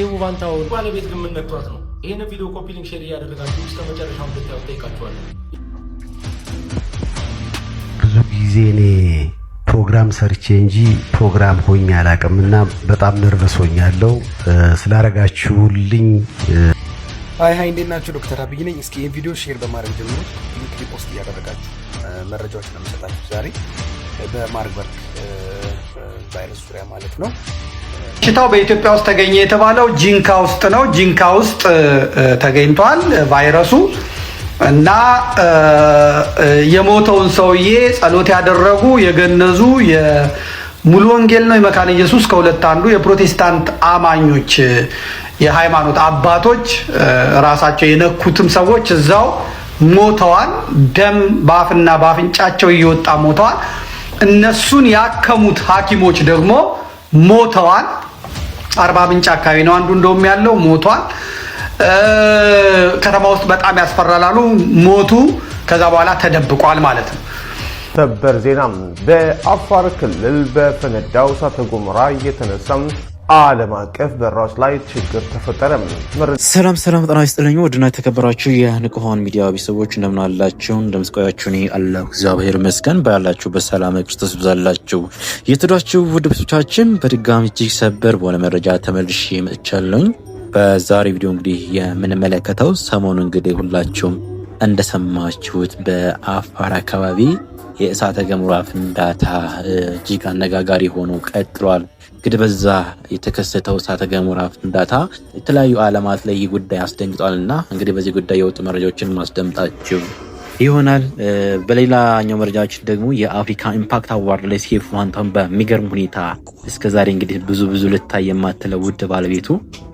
የሴቡ ባንታውን ባለቤት ግን ምን ነክቷት ነው? ይህን ቪዲዮ ኮፒሊንግ ሼር እያደረጋችሁ እስከ መጨረሻ እንድታዩ ጠይቃችኋለሁ። ብዙ ጊዜ እኔ ፕሮግራም ሰርቼ እንጂ ፕሮግራም ሆኜ አላቅም እና በጣም ነርቨስ ሆኛለሁ ስላረጋችሁልኝ። ሀይ ሀይ፣ እንዴት ናቸው? ዶክተር አብይ ነኝ። እስኪ ይህን ቪዲዮ ሼር በማድረግ ጀምሮ ሊንክ ሪፖስት እያደረጋችሁ መረጃዎች ለመሰጣችሁ ዛሬ በማርበርግ ቫይረስ ዙሪያ ማለት ነው። በሽታው በኢትዮጵያ ውስጥ ተገኘ የተባለው ጂንካ ውስጥ ነው። ጂንካ ውስጥ ተገኝቷል ቫይረሱ እና የሞተውን ሰውዬ ጸሎት ያደረጉ የገነዙ ሙሉ ወንጌል ነው የመካነ ኢየሱስ ከሁለት አንዱ የፕሮቴስታንት አማኞች የሃይማኖት አባቶች ራሳቸው የነኩትም ሰዎች እዛው ሞተዋል። ደም በአፍና በአፍንጫቸው እየወጣ ሞተዋል። እነሱን ያከሙት ሐኪሞች ደግሞ ሞተዋል። አርባ ምንጭ አካባቢ ነው አንዱ እንደውም ያለው ሞቷል። ከተማ ውስጥ በጣም ያስፈራላሉ ሞቱ። ከዛ በኋላ ተደብቋል ማለት ነው። ሰበር ዜናም በአፋር ክልል በፈነዳው እሳተ ገሞራ እየተነሳም ዓለም አቀፍ በራዎች ላይ ችግር ተፈጠረ። ሰላም ሰላም፣ ጤና ይስጥልኝ ውድና የተከበራችሁ የንቁሆን ሚዲያ ቤተሰቦች እንደምን አላችሁ? እንደምስቆያችሁ እኔ አለሁ እግዚአብሔር ይመስገን። ባላችሁበት በሰላም ክርስቶስ ብዛላችሁ። የተዷችሁ ውድ ቤተሰቦቻችን በድጋሚ እጅግ ሰበር በሆነ መረጃ ተመልሼ መጥቻለሁኝ። በዛሬ ቪዲዮ እንግዲህ የምንመለከተው ሰሞኑ እንግዲህ ሁላችሁም እንደሰማችሁት በአፋር አካባቢ የእሳተ ገሞራ ፍንዳታ እጅግ አነጋጋሪ ሆኖ ቀጥሏል። ግድ በዛ የተከሰተው እሳተ ገሞራ ፍንዳታ የተለያዩ ዓለማት ላይ ይህ ጉዳይ አስደንግጧል እና እንግዲህ በዚህ ጉዳይ የወጡ መረጃዎችን ማስደምጣችው ይሆናል። በሌላኛው መረጃችን ደግሞ የአፍሪካ ኢምፓክት አዋርድ ላይ ሴፍ ዋንታውን በሚገርም ሁኔታ እስከዛሬ እንግዲህ ብዙ ብዙ ልታይ የማትለው ውድ ባለቤቱ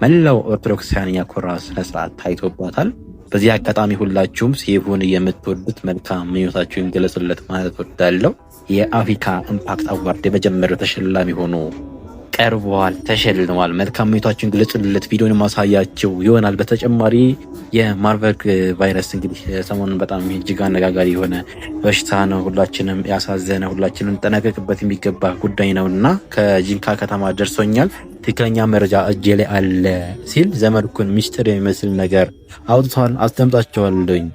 መላው ኦርቶዶክሳውያን ያኮራ ስነስርዓት ታይቶባታል። በዚህ አጋጣሚ ሁላችሁም ሴፉን የምትወዱት መልካም ምኞታችሁን ገለጹለት ማለት ወዳለው የአፍሪካ ኢምፓክት አዋርድ የመጀመሪያው ተሸላሚ ሆኖ ቀርበዋል፣ ተሸልመዋል። መልካም ምኞታችን ግለጹልለት ቪዲዮን ማሳያቸው ይሆናል። በተጨማሪ የማርበርግ ቫይረስ እንግዲህ ሰሞኑን በጣም እጅግ አነጋጋሪ የሆነ በሽታ ነው፣ ሁላችንም ያሳዘነ፣ ሁላችንም ጠነቀቅበት የሚገባ ጉዳይ ነው እና ከጂንካ ከተማ ደርሶኛል ትክክለኛ መረጃ እጄ ላይ አለ ሲል ዘመድኩን ሚስጥር የሚመስል ነገር አውጥቷል። አስደምጣቸዋለኝ።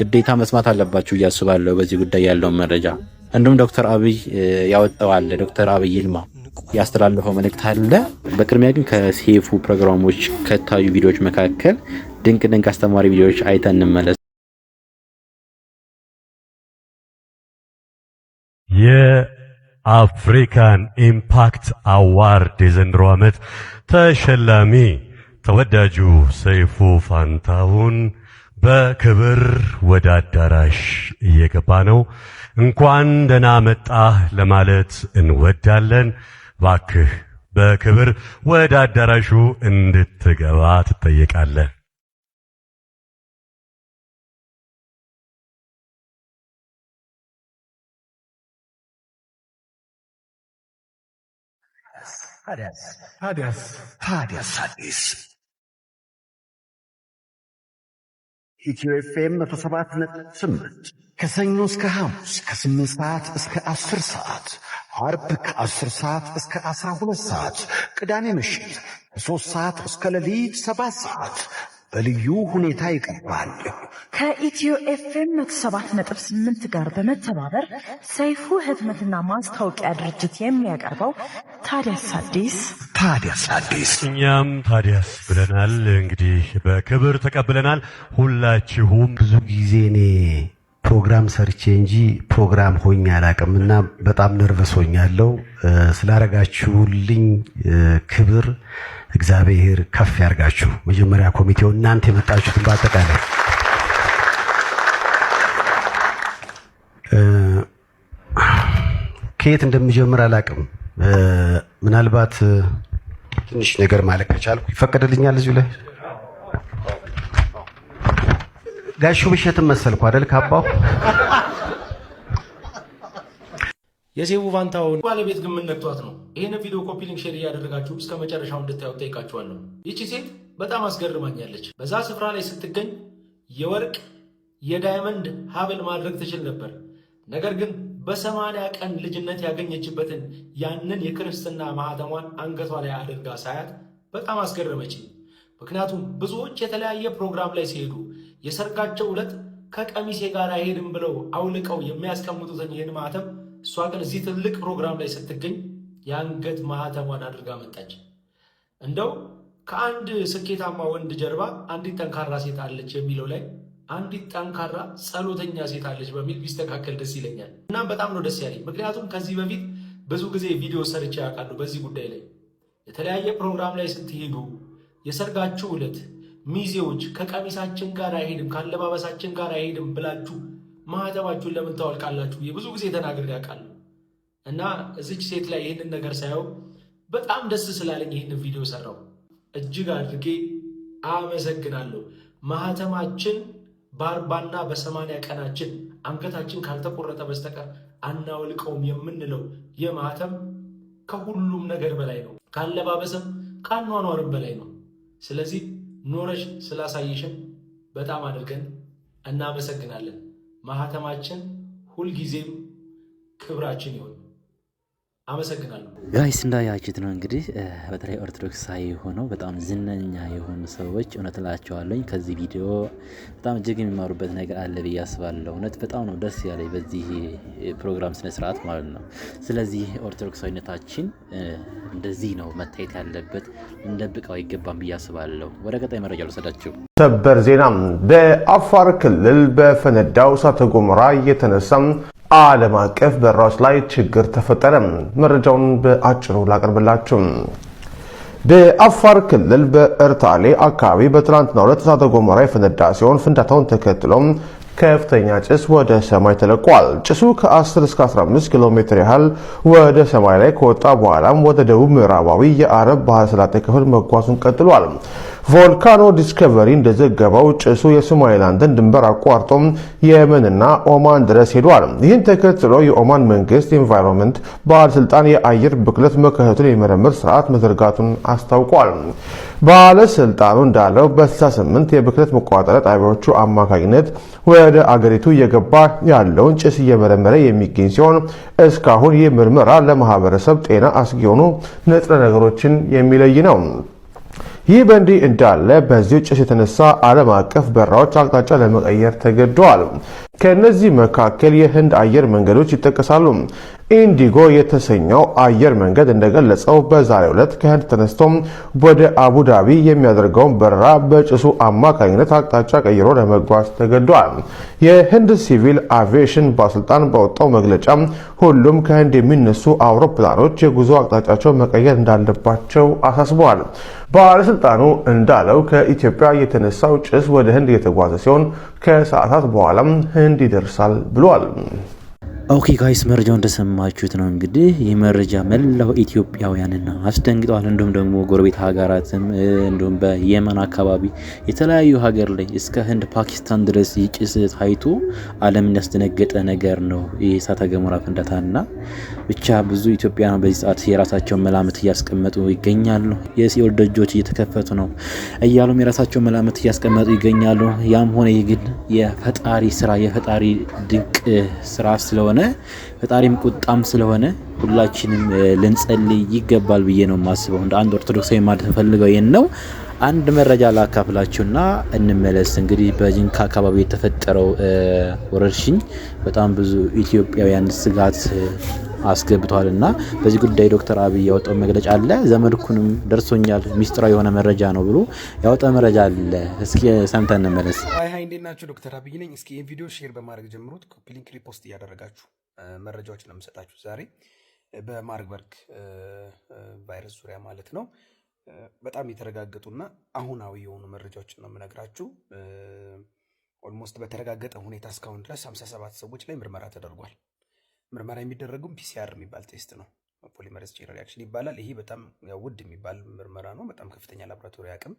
ግዴታ መስማት አለባችሁ እያስባለሁ በዚህ ጉዳይ ያለውን መረጃ እንዲሁም ዶክተር አብይ ያወጣዋል ዶክተር አብይ ይልማ ያስተላለፈው መልእክት አለ። በቅድሚያ ግን ከሴፉ ፕሮግራሞች ከታዩ ቪዲዮዎች መካከል ድንቅ ድንቅ አስተማሪ ቪዲዮዎች አይተን እንመለስ። የአፍሪካን ኢምፓክት አዋርድ የዘንድሮ ዓመት ተሸላሚ ተወዳጁ ሰይፉ ፋንታሁን በክብር ወደ አዳራሽ እየገባ ነው። እንኳን ደህና መጣህ ለማለት እንወዳለን። ባክህ በክብር ወደ አዳራሹ እንድትገባ ትጠየቃለህ። ታዲያስ አዲስ ኢትዮ ኤፍኤም መቶ ሰባት ነጥብ ስምንት ከሰኞ እስከ ሐሙስ ከስምንት ሰዓት እስከ አስር ሰዓት አርብ ከ10 ሰዓት እስከ 12 ሰዓት፣ ቅዳሜ ምሽት ከ3 ሰዓት እስከ ሌሊት 7 ሰዓት በልዩ ሁኔታ ይቀርባል። ከኢትዮ ኤፍኤም 107.8 ጋር በመተባበር ሰይፉ ህትመትና ማስታወቂያ ድርጅት የሚያቀርበው ታዲያስ አዲስ ታዲያስ አዲስ እኛም ታዲያስ ብለናል። እንግዲህ በክብር ተቀብለናል። ሁላችሁም ብዙ ጊዜ እኔ ፕሮግራም ሰርቼ እንጂ ፕሮግራም ሆኜ አላቅም እና በጣም ነርቨስ ሆኛለሁ። ስላረጋችሁልኝ ክብር እግዚአብሔር ከፍ ያርጋችሁ። መጀመሪያ ኮሚቴው፣ እናንተ የመጣችሁትን በአጠቃላይ ከየት እንደምጀምር አላቅም። ምናልባት ትንሽ ነገር ማለት ከቻልኩ ይፈቀድልኛል እዚሁ ላይ ጋሹ ብሸትን መሰልኩ አደል ካባሁ የሴቡ ፋንታሁን ባለቤት ግን ምንነቷት ነው? ይህን ቪዲዮ ኮፒ ሊንክ ሼር እያደረጋችሁ እስከ መጨረሻው እንድታዩ ጠይቃችኋለሁ። ይቺ ሴት በጣም አስገርማኛለች። በዛ ስፍራ ላይ ስትገኝ የወርቅ የዳይመንድ ሀብል ማድረግ ትችል ነበር። ነገር ግን በሰማንያ ቀን ልጅነት ያገኘችበትን ያንን የክርስትና ማህተሟን አንገቷ ላይ አድርጋ ሳያት በጣም አስገረመችኝ። ምክንያቱም ብዙዎች የተለያየ ፕሮግራም ላይ ሲሄዱ የሰርጋቸው ዕለት ከቀሚሴ ጋር አይሄድም ብለው አውልቀው የሚያስቀምጡትን ይህን ማህተም እሷ ግን እዚህ ትልቅ ፕሮግራም ላይ ስትገኝ የአንገት ማህተሟን አድርጋ መጣች። እንደው ከአንድ ስኬታማ ወንድ ጀርባ አንዲት ጠንካራ ሴት አለች የሚለው ላይ አንዲት ጠንካራ ጸሎተኛ ሴት አለች በሚል ቢስተካከል ደስ ይለኛል። እናም በጣም ነው ደስ ያለኝ፣ ምክንያቱም ከዚህ በፊት ብዙ ጊዜ ቪዲዮ ሰርቼ ያውቃሉ። በዚህ ጉዳይ ላይ የተለያየ ፕሮግራም ላይ ስትሄዱ የሰርጋችሁ ዕለት ሚዜዎች ከቀሚሳችን ጋር አይሄድም ከአለባበሳችን ጋር አይሄድም ብላችሁ ማህተባችሁን ለምን ታወልቃላችሁ? ብዙ ጊዜ ተናግሬ ያውቃሉ። እና እዚች ሴት ላይ ይህንን ነገር ሳየው በጣም ደስ ስላለኝ ይህን ቪዲዮ ሰራው። እጅግ አድርጌ አመሰግናለሁ። ማህተማችን በአርባና በሰማንያ ቀናችን አንገታችን ካልተቆረጠ በስተቀር አናወልቀውም የምንለው የማህተም ከሁሉም ነገር በላይ ነው። ካለባበስም ካኗኗርም በላይ ነው። ስለዚህ ኖረሽ ስላሳየሽን በጣም አድርገን እናመሰግናለን። ማህተማችን ሁልጊዜም ክብራችን ይሆን። አመሰግናለሁ። ጋይስ እንዳያችሁት ነው እንግዲህ በተለይ ኦርቶዶክሳዊ የሆነው በጣም ዝነኛ የሆኑ ሰዎች እውነት እላቸዋለኝ ከዚህ ቪዲዮ በጣም እጅግ የሚማሩበት ነገር አለ ብዬ አስባለሁ። እውነት በጣም ነው ደስ ያለኝ በዚህ ፕሮግራም ስነስርዓት ማለት ነው። ስለዚህ ኦርቶዶክሳዊነታችን እንደዚህ ነው መታየት ያለበት፣ እንደብቀው አይገባም ብዬ አስባለሁ። ወደ ቀጣይ መረጃ ልውሰዳችሁ። ሰበር ዜና በአፋር ክልል በፈነዳው እሳተ ገሞራ የተነሳ ዓለም አቀፍ በረራዎች ላይ ችግር ተፈጠረ። መረጃውን በአጭሩ ላቀርብላችሁ። በአፋር ክልል በእርታሌ አካባቢ በትናንትናው ዕለት እሳተ ገሞራ የፈነዳ ሲሆን ፍንዳታውን ተከትሎም ከፍተኛ ጭስ ወደ ሰማይ ተለቋል። ጭሱ ከ10 እስከ 15 ኪሎ ሜትር ያህል ወደ ሰማይ ላይ ከወጣ በኋላም ወደ ደቡብ ምዕራባዊ የአረብ ባህረ ሰላጤ ክፍል መጓዙን ቀጥሏል። ቮልካኖ ዲስከቨሪ እንደዘገበው ጭሱ የሶማሊላንድን ድንበር አቋርጦ የመንና ኦማን ድረስ ሄዷል። ይህን ተከትሎ የኦማን መንግስት ኤንቫይሮንመንት ባለስልጣን የአየር ብክለት መከሰቱን የሚመረምር ስርዓት መዘርጋቱን አስታውቋል። ባለስልጣኑ እንዳለው በ68 የብክለት መቆጣጠሪያ ጣቢያዎቹ አማካኝነት ወደ አገሪቱ እየገባ ያለውን ጭስ እየመረመረ የሚገኝ ሲሆን እስካሁን ይህ ምርመራ ለማህበረሰብ ጤና አስጊ የሆኑ ንጥረ ነገሮችን የሚለይ ነው። ይህ በእንዲህ እንዳለ በዚህ ጭስ የተነሳ ዓለም አቀፍ በረራዎች አቅጣጫ ለመቀየር ተገደዋል። ከእነዚህ መካከል የህንድ አየር መንገዶች ይጠቀሳሉ። ኢንዲጎ የተሰኘው አየር መንገድ እንደገለጸው በዛሬው ዕለት ከህንድ ተነስቶ ወደ አቡዳቢ የሚያደርገውን በረራ በጭሱ አማካኝነት አቅጣጫ ቀይሮ ለመጓዝ ተገዷል። የህንድ ሲቪል አቪዬሽን ባለስልጣን ባወጣው መግለጫ ሁሉም ከህንድ የሚነሱ አውሮፕላኖች የጉዞ አቅጣጫቸው መቀየር እንዳለባቸው አሳስበዋል። ባለስልጣኑ እንዳለው ከኢትዮጵያ የተነሳው ጭስ ወደ ህንድ የተጓዘ ሲሆን ከሰዓታት በኋላም ህንድ ይደርሳል ብሏል። ኦኬ ጋይስ መረጃው እንደሰማችሁት ነው። እንግዲህ ይህ መረጃ መላው ኢትዮጵያውያንና አስደንግጠዋል። እንዲሁም ደግሞ ጎረቤት ሀገራትም እንዲሁም በየመን አካባቢ የተለያዩ ሀገር ላይ እስከ ህንድ፣ ፓኪስታን ድረስ ይጭስ ታይቶ ዓለምን ያስደነገጠ ነገር ነው ይህ እሳተ ገሞራ ፍንዳታና ብቻ ብዙ ኢትዮጵያውያን በዚህ ሰዓት የራሳቸውን መላምት እያስቀመጡ ይገኛሉ። የሲኦል ደጆች እየተከፈቱ ነው እያሉም የራሳቸውን መላምት እያስቀመጡ ይገኛሉ። ያም ሆነ ይህ ግን የፈጣሪ ስራ የፈጣሪ ድንቅ ስራ ስለሆነ ፈጣሪም ቁጣም ስለሆነ ሁላችንም ልንጸልይ ይገባል ብዬ ነው የማስበው። እንደ አንድ ኦርቶዶክሳዊ ማለት ፈልገው ይህን ነው። አንድ መረጃ ላካፍላችሁና እንመለስ። እንግዲህ በጅንካ አካባቢ የተፈጠረው ወረርሽኝ በጣም ብዙ ኢትዮጵያውያን ስጋት አስገብቷልና በዚህ ጉዳይ ዶክተር አብይ ያወጣው መግለጫ አለ። ዘመድኩንም ደርሶኛል ሚስጥራዊ የሆነ መረጃ ነው ብሎ ያወጣ መረጃ አለ። እስኪ ሰምተን እንመለስ። ሀይ እንዴት ናቸው? ዶክተር አብይ ነኝ። እስኪ ይህን ቪዲዮ ሼር በማድረግ ጀምሩት። ኮፒ ሊንክ፣ ሪፖስት እያደረጋችሁ መረጃዎች ነው የምሰጣችሁ ዛሬ በማርበርግ ቫይረስ ዙሪያ ማለት ነው። በጣም የተረጋገጡና አሁናዊ የሆኑ መረጃዎችን ነው የምነግራችሁ። ኦልሞስት በተረጋገጠ ሁኔታ እስካሁን ድረስ 57 ሰዎች ላይ ምርመራ ተደርጓል። ምርመራ የሚደረገው ፒሲአር የሚባል ቴስት ነው። ፖሊመሬዝ ቼን ሪያክሽን ይባላል። ይሄ በጣም ውድ የሚባል ምርመራ ነው። በጣም ከፍተኛ ላቦራቶሪ አቅም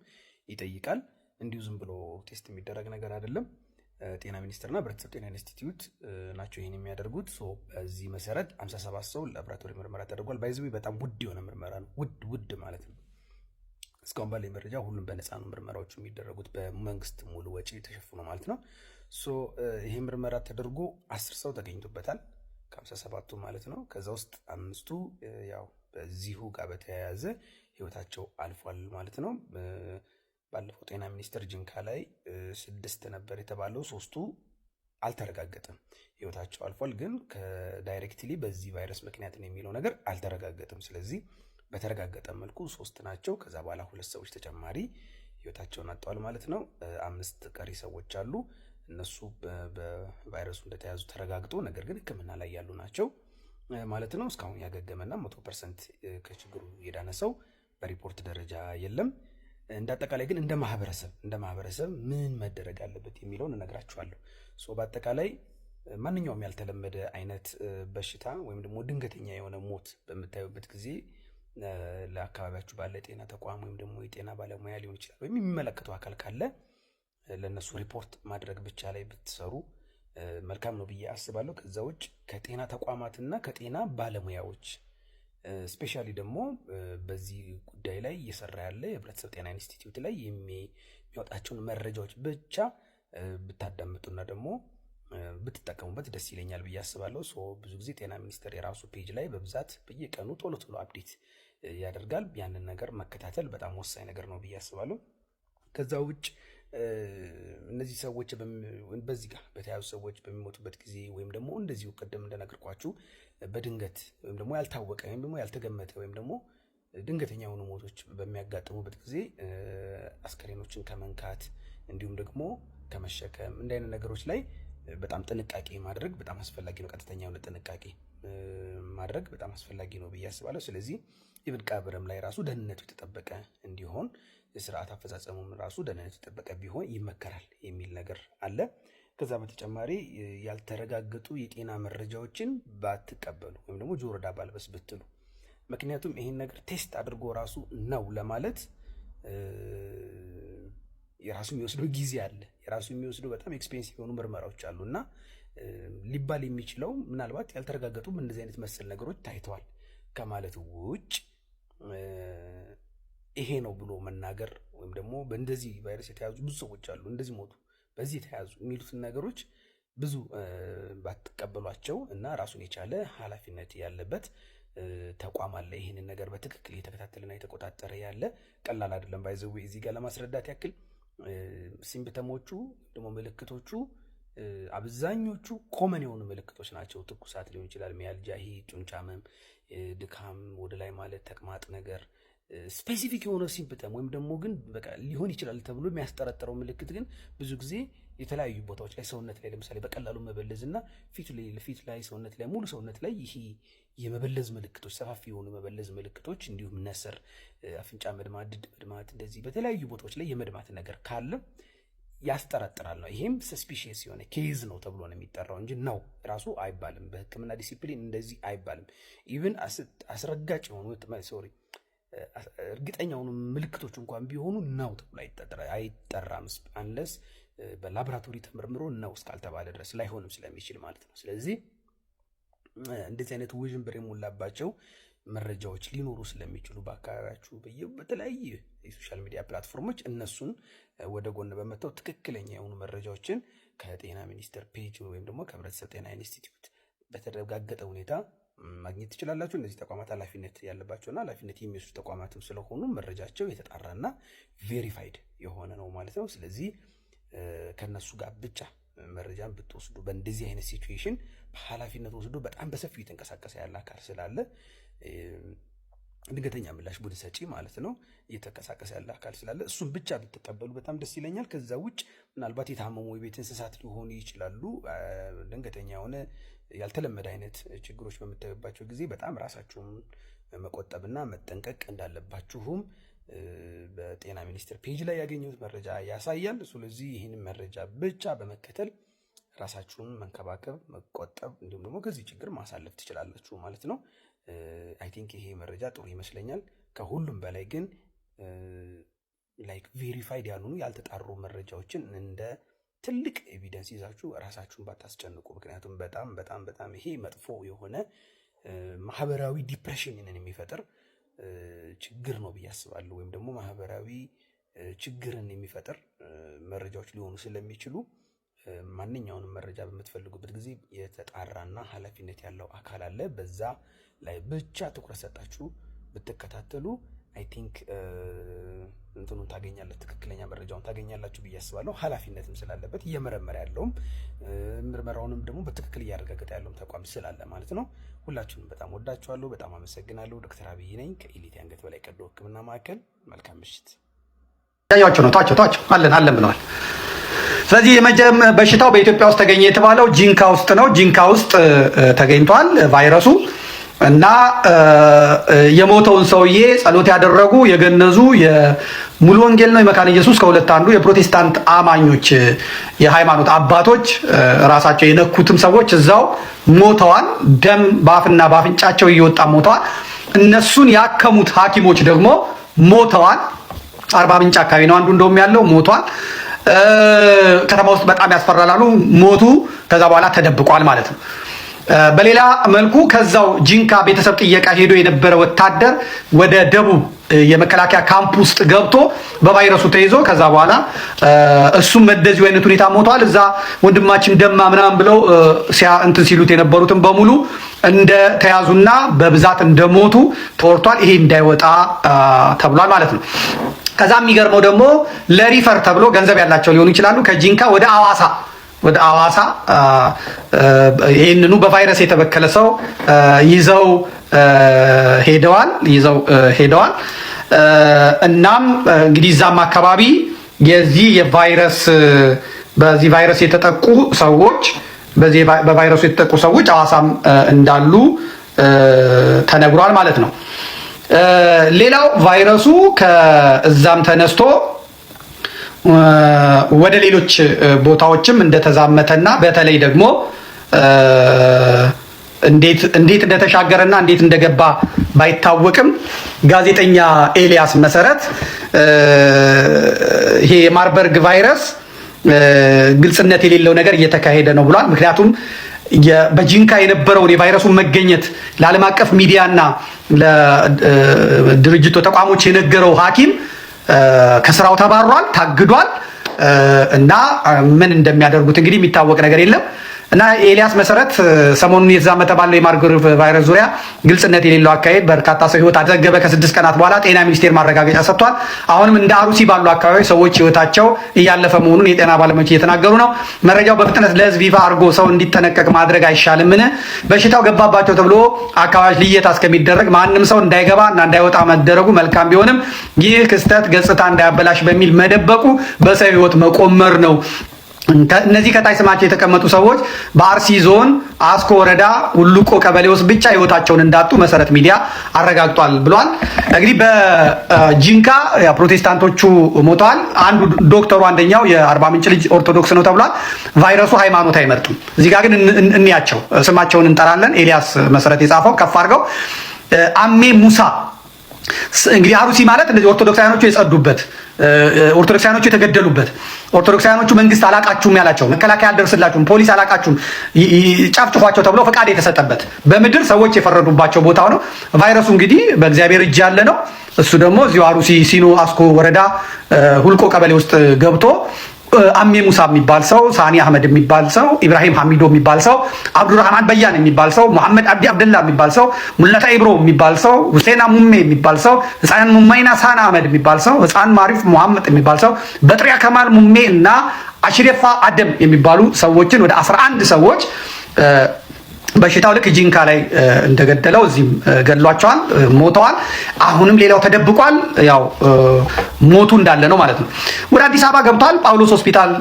ይጠይቃል። እንዲሁ ዝም ብሎ ቴስት የሚደረግ ነገር አይደለም። ጤና ሚኒስቴርና ሕብረተሰብ ጤና ኢንስቲትዩት ናቸው ይህን የሚያደርጉት። በዚህ መሰረት 57 ሰው ላቦራቶሪ ምርመራ ተደርጓል። ባይዘ በጣም ውድ የሆነ ምርመራ ነው። ውድ ውድ ማለት ነው። እስካሁን ባለ መረጃ ሁሉም በነፃ ነው ምርመራዎቹ የሚደረጉት፣ በመንግስት ሙሉ ወጪ ተሸፍኖ ማለት ነው። ይሄ ምርመራ ተደርጎ አስር ሰው ተገኝቶበታል። ከሀምሳ ሰባቱ ማለት ነው። ከዛ ውስጥ አምስቱ ያው በዚሁ ጋር በተያያዘ ህይወታቸው አልፏል ማለት ነው። ባለፈው ጤና ሚኒስቴር ጅንካ ላይ ስድስት ነበር የተባለው፣ ሶስቱ አልተረጋገጠም ህይወታቸው አልፏል። ግን ከዳይሬክትሊ በዚህ ቫይረስ ምክንያት ነው የሚለው ነገር አልተረጋገጠም። ስለዚህ በተረጋገጠ መልኩ ሶስት ናቸው። ከዛ በኋላ ሁለት ሰዎች ተጨማሪ ህይወታቸውን አጥተዋል ማለት ነው። አምስት ቀሪ ሰዎች አሉ። እነሱ በቫይረሱ እንደተያዙ ተረጋግጦ ነገር ግን ህክምና ላይ ያሉ ናቸው ማለት ነው። እስካሁን ያገገመና መቶ ፐርሰንት ከችግሩ የዳነ ሰው በሪፖርት ደረጃ የለም። እንደ አጠቃላይ ግን እንደ ማህበረሰብ እንደ ማህበረሰብ ምን መደረግ አለበት የሚለውን እነግራችኋለሁ። በአጠቃላይ ማንኛውም ያልተለመደ አይነት በሽታ ወይም ደግሞ ድንገተኛ የሆነ ሞት በምታዩበት ጊዜ ለአካባቢያችሁ ባለ ጤና ተቋም ወይም ደግሞ የጤና ባለሙያ ሊሆን ይችላል ወይም የሚመለከተው አካል ካለ ለእነሱ ሪፖርት ማድረግ ብቻ ላይ ብትሰሩ መልካም ነው ብዬ አስባለሁ። ከዛ ውጭ ከጤና ተቋማትና ከጤና ባለሙያዎች ስፔሻሊ ደግሞ በዚህ ጉዳይ ላይ እየሰራ ያለ የህብረተሰብ ጤና ኢንስቲትዩት ላይ የሚያወጣቸውን መረጃዎች ብቻ ብታዳምጡና ደግሞ ብትጠቀሙበት ደስ ይለኛል ብዬ አስባለሁ። ሶ ብዙ ጊዜ ጤና ሚኒስቴር የራሱ ፔጅ ላይ በብዛት በየቀኑ ቶሎ ቶሎ አፕዴት ያደርጋል። ያንን ነገር መከታተል በጣም ወሳኝ ነገር ነው ብዬ አስባለሁ። ከዛ ውጭ እነዚህ ሰዎች በዚህ ጋር በተያዙ ሰዎች በሚሞቱበት ጊዜ ወይም ደግሞ እንደዚሁ ቀደም እንደነገርኳችሁ በድንገት ወይም ደግሞ ያልታወቀ ወይም ደግሞ ያልተገመተ ወይም ደግሞ ድንገተኛ የሆኑ ሞቶች በሚያጋጥሙበት ጊዜ አስከሬኖችን ከመንካት እንዲሁም ደግሞ ከመሸከም እንደ አይነት ነገሮች ላይ በጣም ጥንቃቄ ማድረግ በጣም አስፈላጊ ነው። ቀጥተኛ የሆነ ጥንቃቄ ማድረግ በጣም አስፈላጊ ነው ብዬ አስባለሁ። ስለዚህ ኢብን ቀብርም ላይ ራሱ ደህንነቱ የተጠበቀ እንዲሆን የስርዓት አፈጻጸሙም ራሱ ደህንነት የጠበቀ ቢሆን ይመከራል የሚል ነገር አለ። ከዛ በተጨማሪ ያልተረጋገጡ የጤና መረጃዎችን ባትቀበሉ ወይም ደግሞ ጆሮ ዳባ ልበስ ብትሉ፣ ምክንያቱም ይሄን ነገር ቴስት አድርጎ ራሱ ነው ለማለት የራሱ የሚወስደው ጊዜ አለ። የራሱ የሚወስደው በጣም ኤክስፔንሲቭ የሆኑ ምርመራዎች አሉ እና ሊባል የሚችለው ምናልባት ያልተረጋገጡም እንደዚህ አይነት መሰል ነገሮች ታይተዋል ከማለት ውጭ ይሄ ነው ብሎ መናገር ወይም ደግሞ በእንደዚህ ቫይረስ የተያዙ ብዙ ሰዎች አሉ፣ እንደዚህ ሞቱ፣ በዚህ የተያዙ የሚሉትን ነገሮች ብዙ ባትቀበሏቸው እና ራሱን የቻለ ኃላፊነት ያለበት ተቋም አለ። ይህንን ነገር በትክክል እየተከታተለና የተቆጣጠረ ያለ ቀላል አይደለም። ባይዘዌ እዚህ ጋር ለማስረዳት ያክል ሲምፕተሞቹ ደግሞ ምልክቶቹ አብዛኞቹ ኮመን የሆኑ ምልክቶች ናቸው። ትኩሳት ሊሆን ይችላል፣ ሚያልጃ፣ ይሄ ጡንቻ ህመም፣ ድካም፣ ወደ ላይ ማለት፣ ተቅማጥ ነገር ስፔሲፊክ የሆነ ሲምፕተም ወይም ደግሞ ግን በቃ ሊሆን ይችላል ተብሎ የሚያስጠረጥረው ምልክት ግን ብዙ ጊዜ የተለያዩ ቦታዎች ላይ ሰውነት ላይ ለምሳሌ በቀላሉ መበለዝ እና ፊት ላይ ሰውነት ላይ ሙሉ ሰውነት ላይ ይሄ የመበለዝ ምልክቶች ሰፋፊ የሆኑ መበለዝ ምልክቶች እንዲሁም ነስር፣ አፍንጫ መድማት፣ ድድ መድማት እንደዚህ በተለያዩ ቦታዎች ላይ የመድማት ነገር ካለ ያስጠረጥራል ነው። ይሄም ሰስፒሽየስ የሆነ ኬዝ ነው ተብሎ ነው የሚጠራው እንጂ ነው ራሱ አይባልም። በህክምና ዲሲፕሊን እንደዚህ አይባልም። ኢቨን አስረጋጭ የሆኑ ሶሪ እርግጠኛ ሆኑ ምልክቶች እንኳን ቢሆኑ ነው ተብሎ አይጠራም። አንለስ በላቦራቶሪ ተመርምሮ ነው እስካልተባለ ድረስ ላይሆንም ስለሚችል ማለት ነው። ስለዚህ እንደዚህ አይነት ውዥንብር የሞላባቸው መረጃዎች ሊኖሩ ስለሚችሉ በአካባቢያችሁ በየ በተለያየ የሶሻል ሚዲያ ፕላትፎርሞች እነሱን ወደ ጎን በመተው ትክክለኛ የሆኑ መረጃዎችን ከጤና ሚኒስቴር ፔጅ ወይም ደግሞ ከህብረተሰብ ጤና ኢንስቲትዩት በተረጋገጠ ሁኔታ ማግኘት ትችላላችሁ። እነዚህ ተቋማት ኃላፊነት ያለባቸውና ኃላፊነት የሚወስዱ ተቋማትም ስለሆኑ መረጃቸው የተጣራና ቬሪፋይድ የሆነ ነው ማለት ነው። ስለዚህ ከነሱ ጋር ብቻ መረጃን ብትወስዱ በእንደዚህ አይነት ሲትዌሽን በኃላፊነት ወስዶ በጣም በሰፊው የተንቀሳቀሰ ያለ አካል ስላለ ድንገተኛ ምላሽ ቡድን ሰጪ ማለት ነው እየተንቀሳቀሰ ያለ አካል ስላለ እሱን ብቻ ብትቀበሉ በጣም ደስ ይለኛል። ከዛ ውጭ ምናልባት የታመሙ የቤት እንስሳት ሊሆኑ ይችላሉ። ድንገተኛ የሆነ ያልተለመደ አይነት ችግሮች በምታዩባቸው ጊዜ በጣም ራሳችሁን መቆጠብና መጠንቀቅ እንዳለባችሁም በጤና ሚኒስቴር ፔጅ ላይ ያገኘሁት መረጃ ያሳያል። ስለዚህ ይህን መረጃ ብቻ በመከተል ራሳችሁን መንከባከብ፣ መቆጠብ እንዲሁም ደግሞ ከዚህ ችግር ማሳለፍ ትችላላችሁ ማለት ነው። አይ ቲንክ ይሄ መረጃ ጥሩ ይመስለኛል። ከሁሉም በላይ ግን ላይክ ቬሪፋይድ ያልሆኑ ያልተጣሩ መረጃዎችን እንደ ትልቅ ኤቪደንስ ይዛችሁ ራሳችሁን ባታስጨንቁ። ምክንያቱም በጣም በጣም በጣም ይሄ መጥፎ የሆነ ማህበራዊ ዲፕሬሽንን የሚፈጥር ችግር ነው ብዬ አስባለሁ። ወይም ደግሞ ማህበራዊ ችግርን የሚፈጥር መረጃዎች ሊሆኑ ስለሚችሉ ማንኛውንም መረጃ በምትፈልጉበት ጊዜ የተጣራና ኃላፊነት ያለው አካል አለ። በዛ ላይ ብቻ ትኩረት ሰጣችሁ ብትከታተሉ አይ ቲንክ uh, እንትኑን ታገኛለህ ትክክለኛ መረጃውን ታገኛላችሁ ብዬ አስባለሁ። ኃላፊነትም ስላለበት እየመረመረ ያለውም ምርመራውንም ደግሞ በትክክል እያረጋገጠ ያለውም ተቋም ስላለ ማለት ነው። ሁላችሁንም በጣም ወዳችኋለሁ። በጣም አመሰግናለሁ። ዶክተር አብይ ነኝ ከኢሊት አንገት በላይ ቀዶ ሕክምና ማዕከል። መልካም ምሽት። ያያቸው ነው ታቸው ታቸው አለን አለን ብለዋል። ስለዚህ በሽታው በኢትዮጵያ ውስጥ ተገኘ የተባለው ጂንካ ውስጥ ነው። ጂንካ ውስጥ ተገኝቷል ቫይረሱ እና የሞተውን ሰውዬ ጸሎት ያደረጉ የገነዙ የሙሉ ወንጌል ነው የመካነ ኢየሱስ ከሁለት አንዱ የፕሮቴስታንት አማኞች የሃይማኖት አባቶች ራሳቸው የነኩትም ሰዎች እዛው ሞተዋል። ደም በአፍና በአፍንጫቸው እየወጣ ሞተዋል። እነሱን ያከሙት ሐኪሞች ደግሞ ሞተዋል። አርባ ምንጭ አካባቢ ነው አንዱ እንደውም ያለው ሞቷል። ከተማ ውስጥ በጣም ያስፈራላሉ ሞቱ። ከዛ በኋላ ተደብቋል ማለት ነው። በሌላ መልኩ ከዛው ጂንካ ቤተሰብ ጥየቃ ሄዶ የነበረ ወታደር ወደ ደቡብ የመከላከያ ካምፕ ውስጥ ገብቶ በቫይረሱ ተይዞ ከዛ በኋላ እሱም እንደዚሁ አይነት ሁኔታ ሞቷል። እዛ ወንድማችን ደማ ምናምን ብለው እንትን ሲሉት የነበሩትን በሙሉ እንደተያዙና በብዛት እንደሞቱ ተወርቷል። ይሄ እንዳይወጣ ተብሏል ማለት ነው። ከዛ የሚገርመው ደግሞ ለሪፈር ተብሎ ገንዘብ ያላቸው ሊሆኑ ይችላሉ ከጂንካ ወደ አዋሳ ወደ አዋሳ ይህንኑ በቫይረስ የተበከለ ሰው ይዘው ሄደዋል ይዘው ሄደዋል። እናም እንግዲህ እዛም አካባቢ የዚህ የቫይረስ በዚህ ቫይረስ የተጠቁ ሰዎች በዚህ በቫይረሱ የተጠቁ ሰዎች አዋሳም እንዳሉ ተነግሯል ማለት ነው። ሌላው ቫይረሱ ከእዛም ተነስቶ ወደ ሌሎች ቦታዎችም እንደተዛመተና በተለይ ደግሞ እንዴት እንዴት እንደተሻገረና እንዴት እንደገባ ባይታወቅም ጋዜጠኛ ኤልያስ መሰረት ይሄ የማርበርግ ቫይረስ ግልጽነት የሌለው ነገር እየተካሄደ ነው ብሏል። ምክንያቱም በጂንካ የነበረውን የቫይረሱን መገኘት ለዓለም አቀፍ ሚዲያና ለድርጅቶ ተቋሞች የነገረው ሐኪም ከስራው ተባሯል፣ ታግዷል እና ምን እንደሚያደርጉት እንግዲህ የሚታወቅ ነገር የለም። እና ኤልያስ መሰረት ሰሞኑን እየተዛመተ ባለው የማርበርግ ቫይረስ ዙሪያ ግልጽነት የሌለው አካሄድ በርካታ ሰው ህይወት አዘገበ ከስድስት ቀናት በኋላ ጤና ሚኒስቴር ማረጋገጫ ሰጥቷል። አሁንም እንደ አሩሲ ባሉ አካባቢዎች ሰዎች ህይወታቸው እያለፈ መሆኑን የጤና ባለሙያዎች እየተናገሩ ነው። መረጃው በፍጥነት ለህዝብ ይፋ አድርጎ ሰው እንዲጠነቀቅ ማድረግ አይሻልምን? በሽታው ገባባቸው ተብሎ አካባቢዎች ልየታ እስከሚደረግ ማንም ሰው እንዳይገባ እና እንዳይወጣ መደረጉ መልካም ቢሆንም ይህ ክስተት ገጽታ እንዳያበላሽ በሚል መደበቁ በሰው ህይወት መቆመር ነው። እነዚህ ከታች ስማቸው የተቀመጡ ሰዎች በአርሲ ዞን አስኮ ወረዳ ሁሉቆ ቀበሌ ውስጥ ብቻ ህይወታቸውን እንዳጡ መሰረት ሚዲያ አረጋግጧል ብሏል። እንግዲህ በጂንካ ፕሮቴስታንቶቹ ሞተዋል። አንዱ ዶክተሩ አንደኛው የአርባ ምንጭ ልጅ ኦርቶዶክስ ነው ተብሏል። ቫይረሱ ሃይማኖት አይመርጡም። እዚህ ጋር ግን እንያቸው ስማቸውን እንጠራለን። ኤልያስ መሰረት የጻፈው ከፍ አድርገው አሜ ሙሳ እንግዲህ አሩሲ ማለት እንደዚህ ኦርቶዶክሳውያኖቹ የጸዱበት ኦርቶዶክሳውያኖቹ የተገደሉበት ኦርቶዶክሳውያኖቹ መንግስት አላቃችሁም ያላቸው መከላከያ አልደርስላችሁም ፖሊስ አላቃችሁም ጨፍጭፏቸው ተብሎ ፈቃድ የተሰጠበት በምድር ሰዎች የፈረዱባቸው ቦታ ነው። ቫይረሱ እንግዲህ በእግዚአብሔር እጅ ያለ ነው። እሱ ደግሞ እዚሁ አሩሲ ሲኖ አስኮ ወረዳ ሁልቆ ቀበሌ ውስጥ ገብቶ አሜ ሙሳ የሚባል ሰው፣ ሳኒ አህመድ የሚባል ሰው፣ ኢብራሂም ሐሚዶ የሚባል ሰው፣ አብዱራህማን በያን የሚባል ሰው፣ ሙሐመድ አብዲ አብደላ የሚባል ሰው፣ ሙላታ ኢብሮ የሚባል ሰው፣ ሁሴና ሙሜ የሚባል ሰው፣ ህፃን ሙማይና ሳን አህመድ የሚባል ሰው፣ ህፃን ማሪፍ ሙሐመድ የሚባል ሰው፣ በጥሪያ ከማል ሙሜ እና አሽሬፋ አደም የሚባሉ ሰዎችን ወደ 11 ሰዎች በሽታው ልክ ጂንካ ላይ እንደገደለው እዚህም ገድሏቸዋል፣ ሞተዋል። አሁንም ሌላው ተደብቋል። ያው ሞቱ እንዳለ ነው ማለት ነው። ወደ አዲስ አበባ ገብቷል። ጳውሎስ ሆስፒታል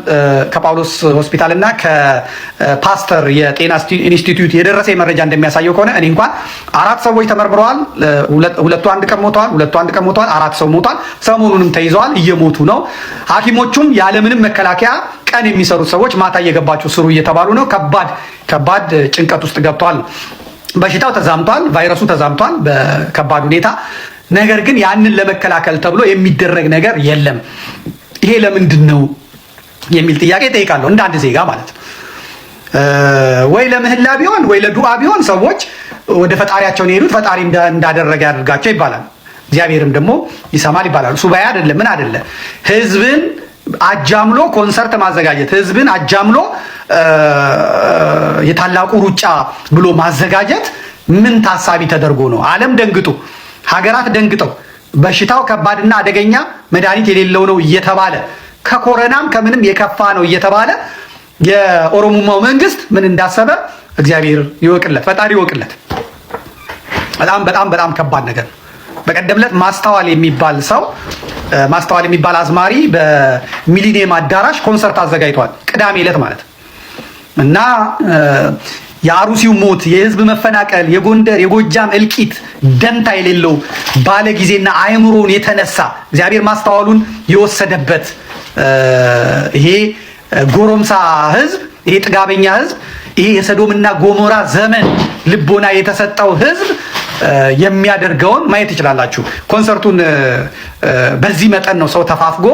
ከጳውሎስ ሆስፒታል እና ከፓስተር የጤና ኢንስቲትዩት የደረሰ መረጃ እንደሚያሳየው ከሆነ እኔ እንኳን አራት ሰዎች ተመርምረዋል። ሁለቱ አንድ ቀን ሞተዋል፣ ሁለቱ አንድ ቀን ሞተዋል፣ አራት ሰው ሞቷል። ሰሞኑንም ተይዘዋል፣ እየሞቱ ነው። ሐኪሞቹም ያለምንም መከላከያ ቀን የሚሰሩት ሰዎች ማታ እየገባችሁ ስሩ እየተባሉ ነው። ከባድ ከባድ ጭንቀት ውስጥ ገብተዋል። በሽታው ተዛምቷል፣ ቫይረሱ ተዛምቷል በከባድ ሁኔታ። ነገር ግን ያንን ለመከላከል ተብሎ የሚደረግ ነገር የለም። ይሄ ለምንድን ነው የሚል ጥያቄ ጠይቃለሁ፣ እንደ አንድ ዜጋ ማለት ነው። ወይ ለምህላ ቢሆን ወይ ለዱዓ ቢሆን ሰዎች ወደ ነው የሄዱት ፈጣሪ እንዳደረገ ያደርጋቸው ይባላል። እግዚአብሔርም ደግሞ ይሰማል ይባላል። ሱባኤ አይደለም ምን አይደለም ህዝብን አጃምሎ ኮንሰርት ማዘጋጀት ህዝብን አጃምሎ የታላቁ ሩጫ ብሎ ማዘጋጀት ምን ታሳቢ ተደርጎ ነው? ዓለም ደንግጦ ሀገራት ደንግጠው በሽታው ከባድና አደገኛ መድኃኒት የሌለው ነው እየተባለ ከኮረናም ከምንም የከፋ ነው እየተባለ የኦሮሞማው መንግስት ምን እንዳሰበ እግዚአብሔር ይወቅለት፣ ፈጣሪ ይወቅለት። በጣም በጣም በጣም ከባድ ነገር ነው። በቀደም ዕለት ማስተዋል የሚባል ሰው ማስተዋል የሚባል አዝማሪ በሚሊኒየም አዳራሽ ኮንሰርት አዘጋጅቷል። ቅዳሜ ዕለት ማለት እና የአሩሲው ሞት፣ የህዝብ መፈናቀል፣ የጎንደር የጎጃም እልቂት ደንታ የሌለው ባለ ጊዜና አእምሮን የተነሳ እግዚአብሔር ማስተዋሉን የወሰደበት ይሄ ጎረምሳ ህዝብ፣ ይሄ ጥጋበኛ ህዝብ፣ ይሄ የሰዶምና ጎሞራ ዘመን ልቦና የተሰጠው ህዝብ የሚያደርገውን ማየት ይችላላችሁ። ኮንሰርቱን በዚህ መጠን ነው ሰው ተፋፍጎ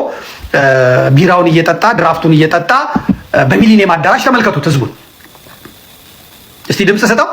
ቢራውን እየጠጣ ድራፍቱን እየጠጣ በሚሊኒየም አዳራሽ ተመልከቱት። ህዝቡን እስቲ ድምፅ ስጠው።